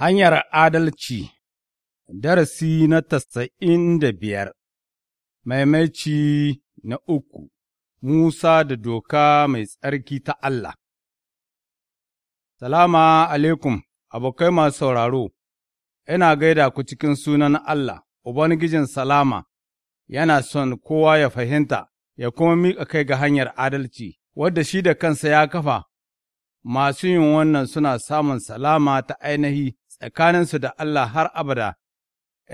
Hanyar Adalci Darasi na tasa'in da biyar Maimaici na uku Musa da doka mai tsarki ta Allah Salama alaikum, abokai masu sauraro, ina gaida ku cikin sunan Allah, Ubangijin Salama, yana son kowa ya fahimta, ya kuma miƙa kai ga hanyar adalci, wadda shi da kansa ya kafa, masu yin wannan suna samun salama ta ainihi. tsakaninsu da Allah har abada,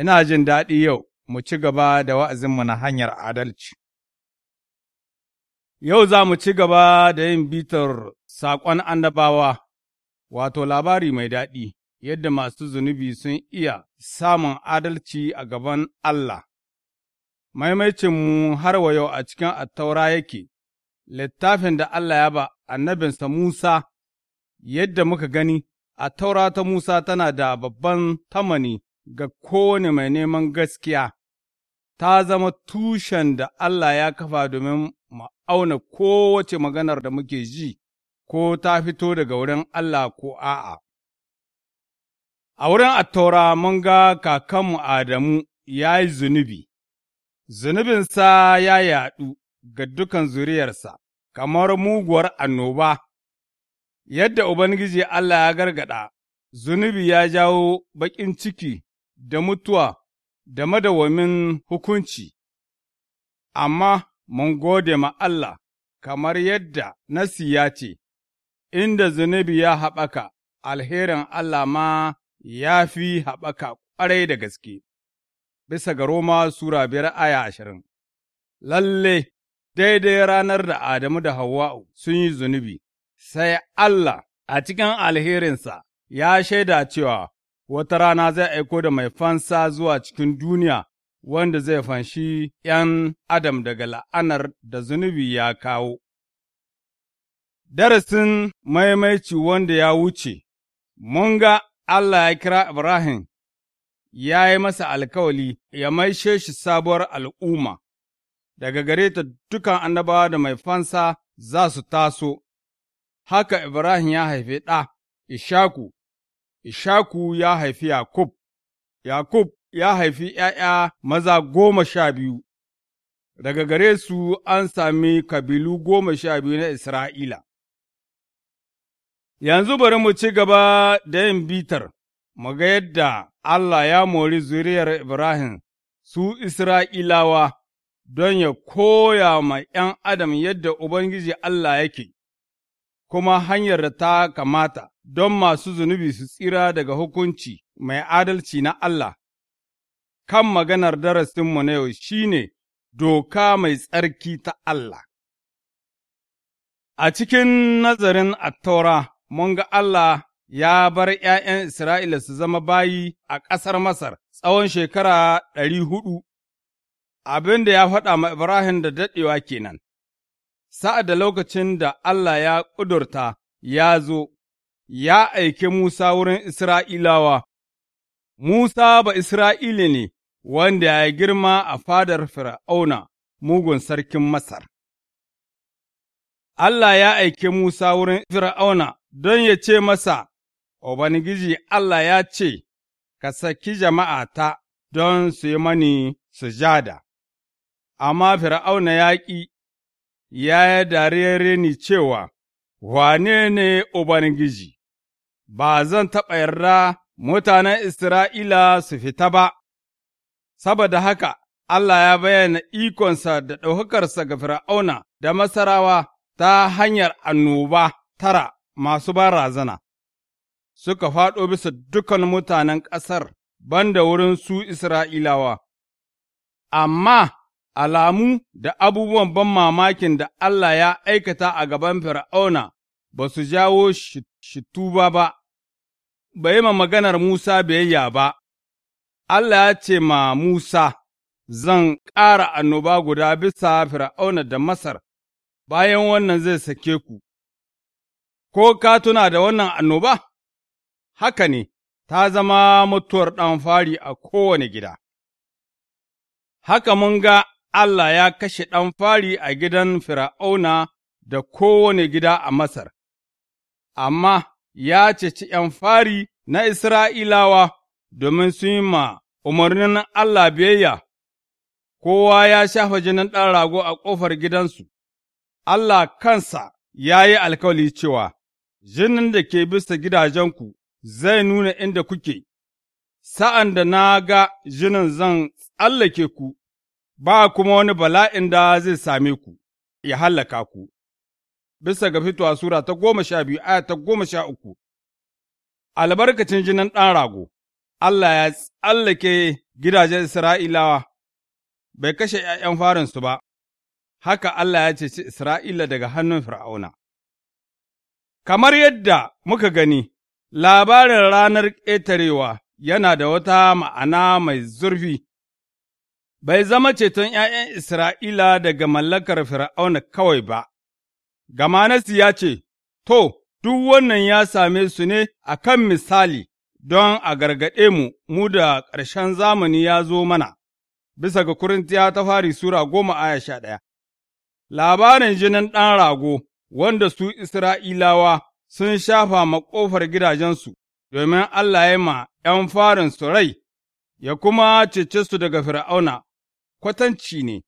ina jin daɗi yau mu ci gaba da wa'azinmu na hanyar adalci. Yau za mu ci gaba da yin bitar saƙon annabawa, wato labari mai daɗi, yadda masu zunubi sun iya samun adalci a gaban Allah. Maimaicinmu har wa yau a cikin attaura yake, littafin da Allah ya ba annabinsa Musa, yadda muka gani, a taura ta Musa tana da babban tamani ga kowane mai neman gaskiya, ta zama tushen da Allah ya kafa domin ma'auna kowace maganar da muke ji, ko ta fito daga wurin Allah ko a'a. A wurin attaura mun ga kakanmu Adamu ya yi zunubi, zunubinsa ya yaɗu ga dukan zuriyarsa, kamar muguwar annoba Yadda Ubangiji Allah ya gargaɗa, zunubi ya jawo baƙin ciki da mutuwa da madawamin hukunci, amma mun gode ma Allah kamar yadda Nasi ya ce, Inda zunubi ya haɓaka, alherin Allah ma ya fi haɓaka ƙwarai da gaske, bisa ga Roma Sura biyar aya ashirin. Lalle, daidai ranar da Adamu da Hawwa'u sun yi zunubi, sai Allah a cikin alherinsa ya shaida cewa wata rana zai aiko da mai fansa zuwa cikin duniya wanda zai fanshi ’yan Adam daga la'anar da zunubi ya kawo. Darasin maimaici wanda ya wuce, mun ga Allah ya kira Ibrahim ya yi masa alkawali ya maishe shi sabuwar al'umma, daga gare ta dukan annabawa da mai fansa za su taso haka Ibrahim ya haifi ɗa, Ishaku, Ishaku ya haifi Yakub, Yakub ya haifi ’ya'ya maza goma sha biyu, daga gare su an sami kabilu goma sha biyu na Isra'ila. Yanzu bari mu ci gaba da yin bitar, mu ga yadda Allah ya mori zuriyar Ibrahim su Isra'ilawa don ya koya ma ’yan Adam yadda Ubangiji Allah yake. kuma hanyar da ta kamata don masu zunubi su tsira daga hukunci mai adalci na Allah. Kan maganar darasinmu na yau shi ne doka mai tsarki ta Allah. A cikin nazarin attaura, mun ga Allah ya bar ’ya'yan Isra'ila su zama bayi a ƙasar Masar tsawon shekara ɗari huɗu, abin da ya faɗa ma Ibrahim da daɗewa kenan. sa'ad da lokacin da Allah ya ƙudurta ya zo, ya aike Musa wurin Isra'ilawa, Musa ba Isra'ili ne wanda ya girma a fadar Fir'auna, mugun sarkin Masar. Allah ya aike Musa wurin Fir'auna don ya ce masa, Ubangiji Allah ya ce, Ka saki jama'a ta don su yi mani sujada, amma Fir'auna ya ƙi ya yi dariyar cewa, Wane ne Ubangiji, ba zan taɓa yarda mutanen Isra'ila su fita ba, saboda haka Allah ya bayyana ikonsa da ɗaukakarsa ga Fir'auna da Masarawa ta hanyar annoba tara masu barazana, suka faɗo bisa dukan mutanen ƙasar banda wurin su Isra'ilawa, amma alamu da abubuwan ban mamakin da Allah ya aikata a gaban Fir'auna ba su jawo shituba ba, ba yi ma maganar Musa biyayya ba, Allah ya ce ma Musa, Zan ƙara annoba guda bisa Fir'auna da Masar, bayan wannan zai sake ku, ko ka tuna da wannan annoba? Haka ne, ta zama mutuwar ɗan fari a kowane gida. Haka mun ga Allah ya kashe ɗan fari a gidan Fir'auna da kowane gida a Masar, amma ya ceci ’yan fari na Isra'ilawa domin sun yi ma umarnin Allah biyayya, kowa ya shafa jinin ɗan rago a ƙofar gidansu, Allah kansa ya yi alkawali cewa, Jinin da ke bisa gidajenku zai nuna inda kuke, sa'an da na ga jinin zan tsallake ku ba kuma wani bala'in da zai same ku, ya hallaka ku, bisa ga fitowa Sura ta goma sha biyu, aya ta goma sha uku, albarkacin jinin ɗan rago, Allah ya tsallake gidajen Isra'ilawa, bai kashe ’ya'yan farinsu ba, haka Allah ya ceci Isra'ila daga hannun Fir'auna. Kamar yadda muka gani, labarin ranar ƙetarewa yana da wata ma'ana mai zurfi. bai zama ceton ’ya'yan Isra'ila daga mallakar Fir'auna kawai ba, gama Nasi ya ce, To, duk wannan ya same su ne a kan misali don a gargaɗe mu, mu da ƙarshen zamani ya zo mana, bisa ga Kurintiya ta fari Sura goma aya sha ɗaya. Labarin jinin ɗan rago, wanda su Isra'ilawa sun shafa maƙofar gidajensu, domin Allah ya ma ’yan farin su rai, ya kuma cece su daga Fir'auna, kwatanci ne,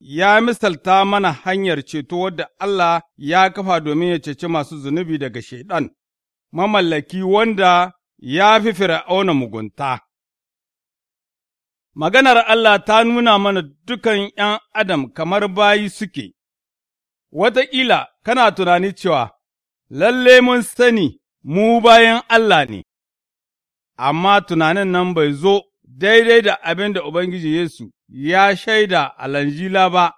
ya misalta mana hanyar ceto wadda Allah ya kafa domin ya ceci masu zunubi daga Shaiɗan, mamallaki wanda ya fi fir'auna mugunta. Maganar Allah ta nuna mana dukan ’yan Adam kamar bayi suke, wataƙila kana tunani cewa, lalle mun sani mu bayan Allah ne, amma tunanin nan bai zo daidai da abin da Ubangiji Yesu ya shaida a Lanjila ba,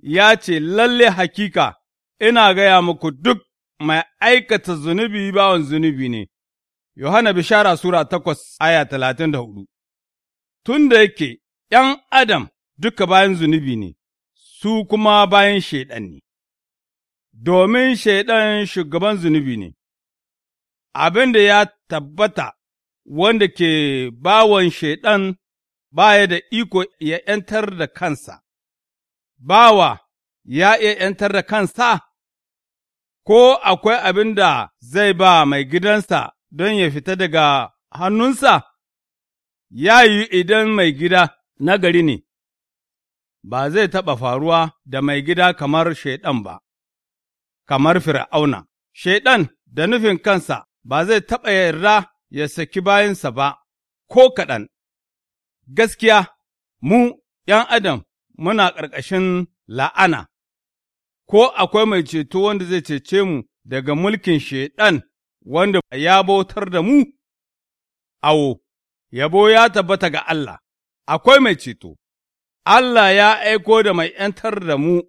ya ce, Lalle hakika, ina gaya muku duk mai aikata zunubi bawan zunubi ne, Yohana Bishara Sura takwas aya talatin da hudu. Tun da yake ’yan Adam duka bayan zunubi ne, su kuma bayan Shaiɗan ne, domin Shaiɗan shugaban zunubi ne, abin da ya tabbata wanda ke bawan Shaiɗan ba ya da iko ya ’yantar da kansa, bawa ya iya ’yantar da kansa, ko akwai abin da zai ba mai gidansa don ya fita daga hannunsa, ya yi idan mai gida nagari ne, ba zai taɓa faruwa da mai gida kamar Shaiɗan ba, kamar Fir'auna, Shaiɗan da nufin kansa ba zai taɓa yarda ya saki bayansa ba, ko kaɗan. gaskiya, mu ’yan Adam muna ƙarƙashin la'ana, ko akwai mai ceto wanda zai cece mu daga mulkin Shaiɗan wanda ya bautar da mu? Awo, yabo ya tabbata ga Allah, akwai mai ceto, Allah ya aiko da mai ’yantar da mu,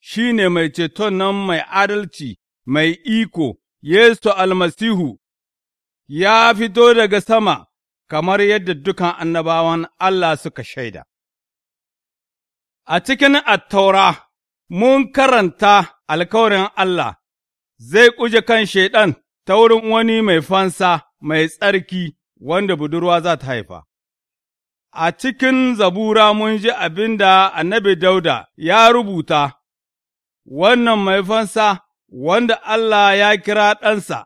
shi ne mai ceton nan mai adalci, mai iko, Yesu almasihu, ya fito daga sama. kamar yadda dukan annabawan Allah suka shaida. A cikin attaura, mun karanta alkawarin Allah, zai ƙuje kan Shaiɗan ta wurin wani mai fansa mai tsarki wanda budurwa za ta haifa. A cikin zabura mun ji abin da annabi Dauda ya rubuta, wannan mai fansa wanda Allah ya kira ɗansa,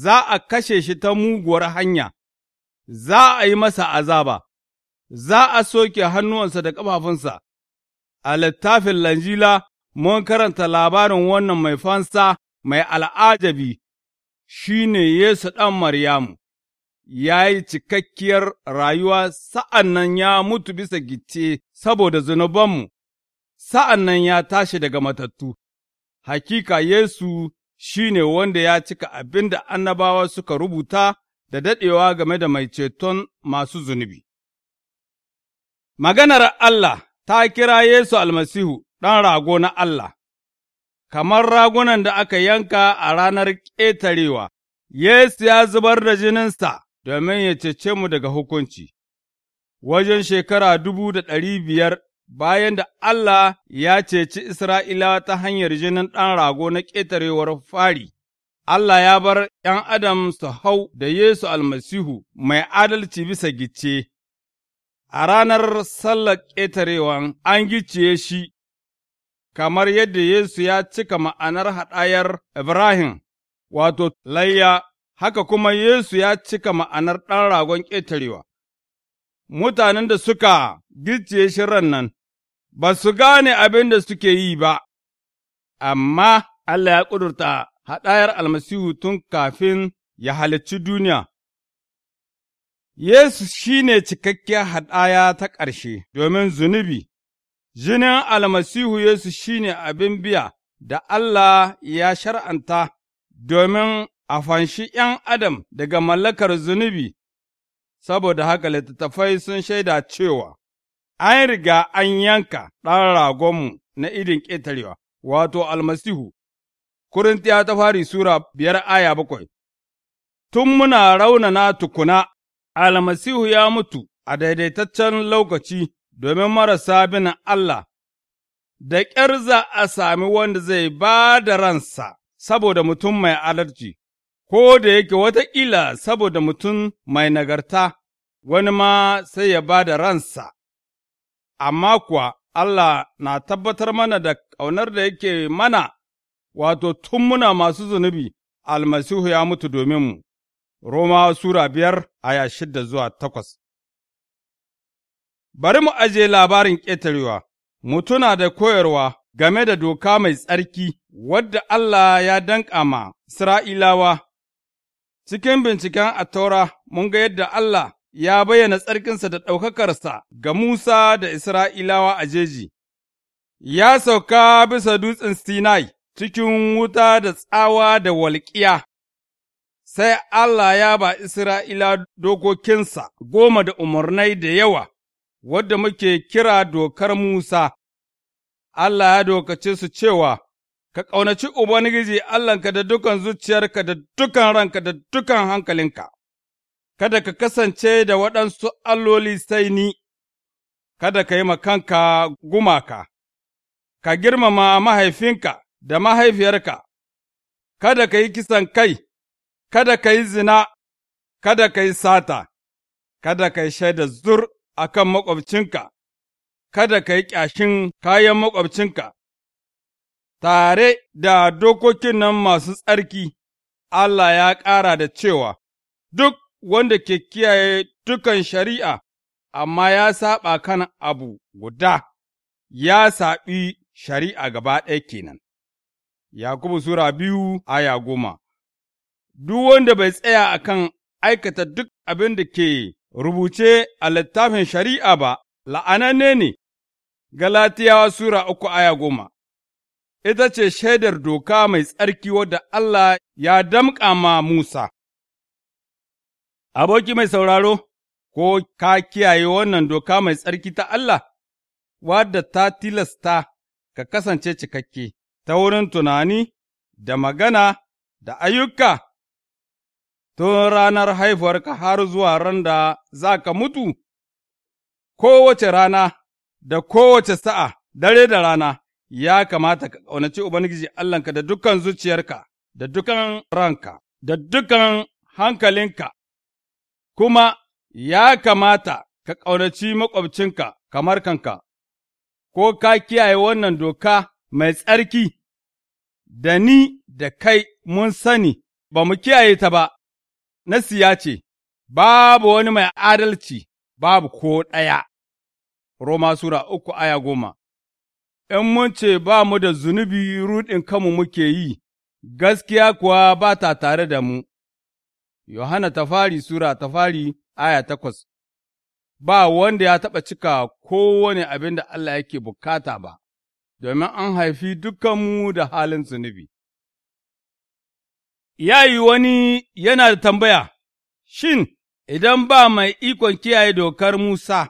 za a kashe shi ta muguwar hanya, za a yi masa azaba, za a soke hannuwansa da ƙafafunsa. A littafin Lanjila mun karanta labarin wannan mai fansa mai al'ajabi shi ne Yesu ɗan Maryamu, ya yi cikakkiyar rayuwa sa'an nan ya mutu bisa gice saboda zunubanmu, sa'an nan ya tashi daga matattu. Hakika Yesu shi ne wanda ya cika abin da annabawa suka rubuta da daɗewa game da mai ceton masu zunubi. Maganar Allah ta kira Yesu almasihu ɗan rago na Allah, kamar ragunan da aka yanka a ranar ƙetarewa, Yesu ya zubar da jininsa domin ya cece mu daga hukunci, wajen shekara dubu da ɗari biyar bayan da Allah ya ceci Isra'ila ta hanyar jinin ɗan rago na ƙetarewar fari. Allah ya bar ’yan Adam su hau da Yesu almasihu mai adalci bisa gice, a ranar sallar ƙetarewan an gicciye shi, kamar yadda Yesu ya cika ma'anar haɗayar Ibrahim, wato layya, haka kuma Yesu ya cika ma'anar ɗan ragon ƙetarewa. Mutanen da suka gicciye shi ran nan, ba su gane abin da suke yi ba, amma Allah ya ƙudurta haɗayar almasihu tun kafin ya halicci duniya. Yesu shi ne cikakkiyar haɗaya ta ƙarshe domin zunubi, jinin almasihu Yesu shi ne abin biya da Allah ya shar'anta domin a fanshi ’yan Adam daga mallakar zunubi, saboda haka littattafai sun shaida cewa, An riga an yanka ɗan ragonmu na idin ƙetarewa, wato almasihu, Korintiya ta fari Sura biyar aya bakwai Tun muna raunana tukuna, almasihu ya mutu a daidaitaccen lokaci domin marasa bin Allah, da ƙyar za a sami wanda zai ba da ransa saboda mutum mai alarci, ko da yake watakila saboda mutum mai nagarta, wani ma sai ya ba da ransa, amma kuwa Allah na tabbatar mana da ƙaunar da yake mana wato tun muna masu zunubi, almasihu ya mutu domin mu. Roma Sura biyar aya shida zuwa takwas Bari mu ajiye labarin ƙetarewa, mu tuna da koyarwa game da doka mai tsarki wadda Allah ya danƙa ma Isra'ilawa. Cikin binciken Attaura mun ga yadda Allah ya bayyana tsarkinsa da ɗaukakarsa ga Musa da Isra'ilawa a jeji, ya sauka bisa dutsen Sinai cikin wuta da tsawa da walƙiya, sai Allah ya ba Isra'ila dokokinsa goma da umarnai da yawa, wadda muke kira dokar Musa, Allah ya dokace su cewa, Ka ƙaunaci Ubangiji Allahnka da dukan zuciyarka da dukan ranka da dukan hankalinka, kada ka kasance da waɗansu alloli sai ni, kada ka yi makanka gumaka, ka girmama mahaifinka da mahaifiyarka, kada ka yi kisan kai, kada ka yi zina, kada ka yi sata, kada ka yi shaida zur a kan maƙwabcinka, kada ka yi ƙyashin kayan maƙwabcinka, tare da dokokin nan masu tsarki, Allah ya ƙara da cewa, Duk wanda ke kiyaye dukan shari'a, amma ya saɓa kan abu guda, ya saɓi shari'a gaba ɗaya kenan. Yakubu Sura biyu aya goma Duk wanda bai tsaya a kan aikata duk abin da ke rubuce a littafin shari'a ba, la'ananne ne, Galatiyawa Sura uku aya goma Ita ce shaidar doka mai tsarki wadda Allah ya damƙa ma Musa. Aboki mai sauraro, ko ka kiyaye wannan doka mai tsarki ta Allah, wadda ta tilasta ka kasance cikakke. ta wurin tunani da magana da ayyuka, tun ranar haifuwarka har zuwa ran da za ka mutu, kowace rana da kowace sa'a, dare da rana, ya kamata ka ƙaunaci Ubangiji Allahnka da dukan zuciyarka, da dukan ranka, da dukan hankalinka, kuma ya kamata ka ƙaunaci maƙwabcinka kamar kanka, ko ka kiyaye wannan doka mai tsarki, da ni da kai mun sani ba mu kiyaye ta ba, nasiya ce, babu wani mai adalci, babu ko ɗaya. Roma Sura uku aya goma In mun ce ba mu da zunubi ruɗin kanmu muke yi, gaskiya kuwa ba ta tare da mu. Yohana tafari Sura tafari aya takwas Ba wanda ya taɓa cika kowane abin da Allah yake bukata ba. domin an haifi dukkanmu da halin zunubi. Ya yi wani yana da tambaya, shin, idan ba mai ikon kiyaye dokar Musa,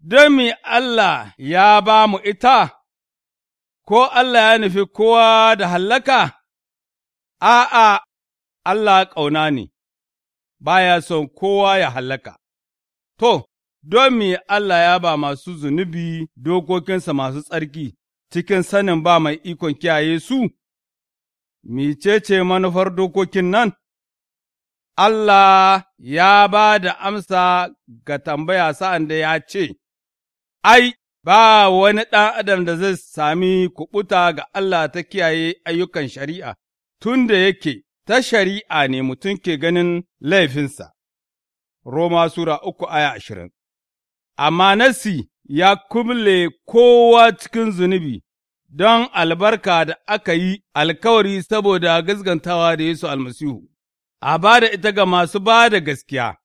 don me Allah ya ba mu ita, ko Allah ya nufi kowa da hallaka? A'a, Allah ƙauna ne, ba ya son kowa ya hallaka. To, don me Allah ya ba masu zunubi dokokinsa masu tsarki, cikin sanin ba mai ikon kiyaye su, micece manufar dokokin nan? Allah ya ba da amsa ga tambaya sa'an da ya ce, Ai, ba wani ɗan adam da zai sami kuɓuta ga Allah ta kiyaye ayyukan shari'a, tun da yake ta shari'a ne mutum ke ganin laifinsa. Roma Sura uku aya ashirin Amma nasi ya kumle kowa cikin zunubi don albarka da aka yi alkawari saboda gaskantawa da Yesu almasihu, a ba da ita ga masu ba da gaskiya.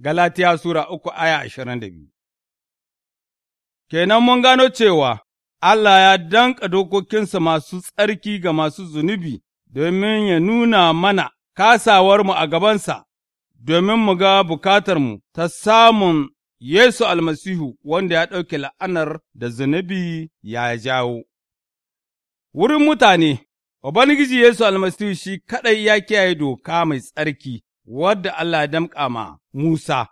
Galatiya Sura uku aya ashirin da biyu Kenan mun gano cewa Allah ya danƙa dokokinsa masu tsarki ga masu zunubi domin ya nuna mana kasawarmu a gabansa, domin mu ga bukatarmu ta samun Yesu almasihu wanda ya ɗauke la'anar da zunubi ya jawo. Wurin mutane, Ubangiji Yesu almasihu shi kaɗai ya kiyaye doka mai tsarki wadda Allah ya damƙa ma Musa.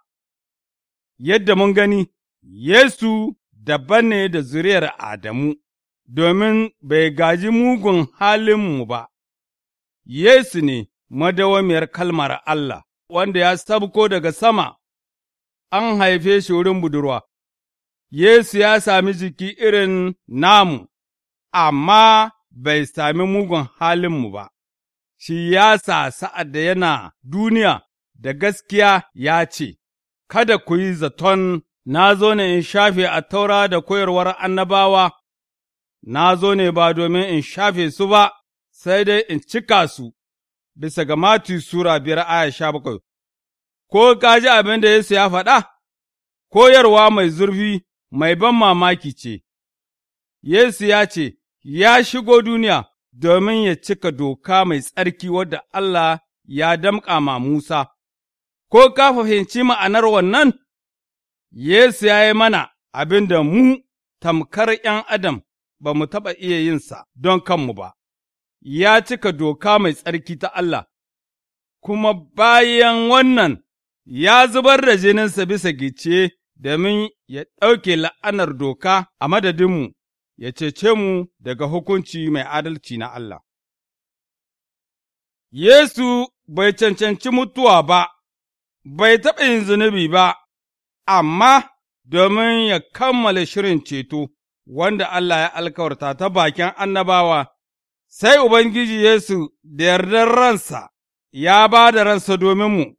Yadda mun gani, Yesu daban ne da zuriyar Adamu, domin bai gaji mugun halinmu ba. Yesu ne madawamiyar kalmar Allah, wanda ya sabko daga sama an haife shi wurin budurwa, Yesu ya sami jiki irin namu, amma bai sami mugun halinmu ba, shi ya sa sa'ad da yana duniya da gaskiya ya ce, Kada ku yi zaton na zo ne in shafe a taura da koyarwar annabawa, na zo ne ba domin in shafe su ba, sai dai in cika su, bisa ga Mati Sura biyar aya sha bakwai, ko ka ji abin da Yesu ya faɗa? Koyarwa mai zurfi mai ban mamaki ce, Yesu ya ce, Ya shigo duniya domin ya cika doka mai tsarki wadda Allah ya damƙa ma Musa, ko ka fahimci ma'anar wannan? Yesu ya yi mana abin da mu tamkar ’yan Adam ba mu taɓa iya yinsa don kanmu ba, ya cika doka mai tsarki ta Allah, kuma bayan wannan ya zubar da jininsa bisa gice domin ya ɗauke la'anar doka a madadinmu, ya cece mu daga hukunci mai adalci na Allah. Yesu bai cancanci mutuwa ba, bai taɓa yin zunubi ba, amma domin ya kammala shirin ceto wanda Allah ya alkawarta ta bakin annabawa, sai Ubangiji Yesu da yardar ransa ya ba da ransa domin mu.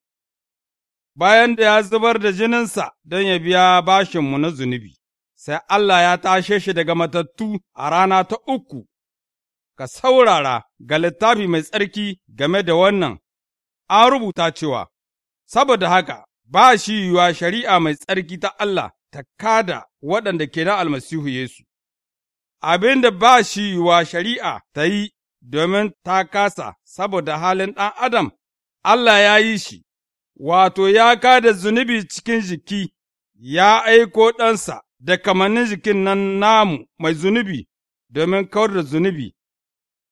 bayan da ya zubar da jininsa don ya biya bashinmu na zunubi, sai Allah ya tashe shi daga matattu a rana ta uku, ka saurara ga littafi mai tsarki game da wannan, an rubuta cewa, saboda haka ba shi yiwuwa shari'a mai tsarki ta Allah ta kada waɗanda ke na almasihu Yesu, abin da ba shi yiwuwa shari'a ta yi domin ta kasa saboda halin ɗan Adam, Allah ya yi shi wato ya ka da zunubi cikin jiki, ya aiko ɗansa da kamannin jikin nan namu mai zunubi domin kawar da zunubi.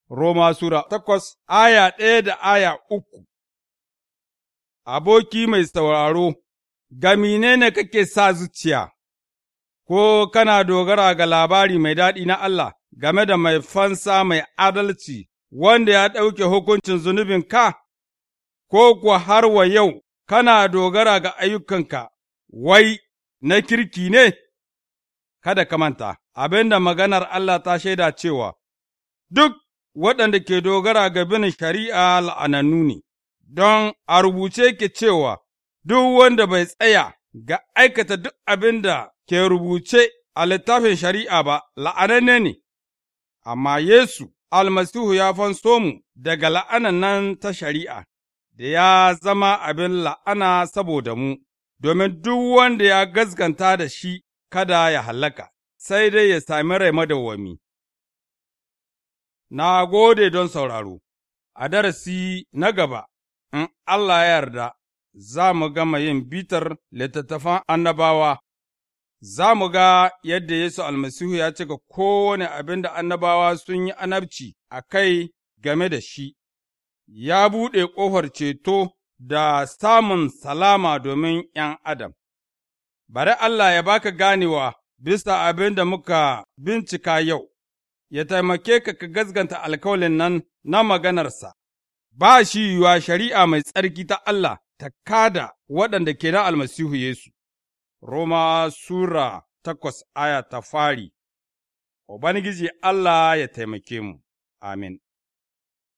Roma Sura takwas, aya ɗaya da aya uku Aboki mai sauraro, ne ne kake sa zuciya, ko kana dogara ga labari mai daɗi na Allah game da mai fansa mai adalci wanda ya ɗauke hukuncin zunubin ka, ko kuwa har wa yau kana dogara ga ayyukanka, wai na kirki ne? Kada ka manta, abin da maganar Allah ta shaida cewa, Duk waɗanda ke dogara ga bin shari'a la'ananu ne, don a rubuce ke cewa, Duk wanda bai tsaya ga aikata duk abin da ke rubuce a littafin shari'a ba, la'ananne ne, amma Yesu almasihu ya fanso mu daga la'anan nan ta shari'a. da ya zama abin la'ana saboda mu, domin duk wanda ya gaskanta da shi kada ya hallaka, sai dai ya sami rai madawwami. Na gode don sauraro, a darasi na gaba, in Allah ya yarda, za mu gama yin bitar littattafan annabawa, za mu ga yadda Yesu almasihu ya cika kowane abin da annabawa sun yi anabci a kai game da shi. ya buɗe ƙofar ceto da samun salama domin ’yan Adam. Bari Allah ya baka ganewa bisa abin da muka bincika yau, ya taimake ka ka gazganta alkawalin nan na maganarsa, ba shi yiwuwa shari'a mai tsarki ta Allah ta kada waɗanda ke na almasihu Yesu. Roma Sura takwas aya ta fari, Ubangiji Allah ya taimake mu, amin.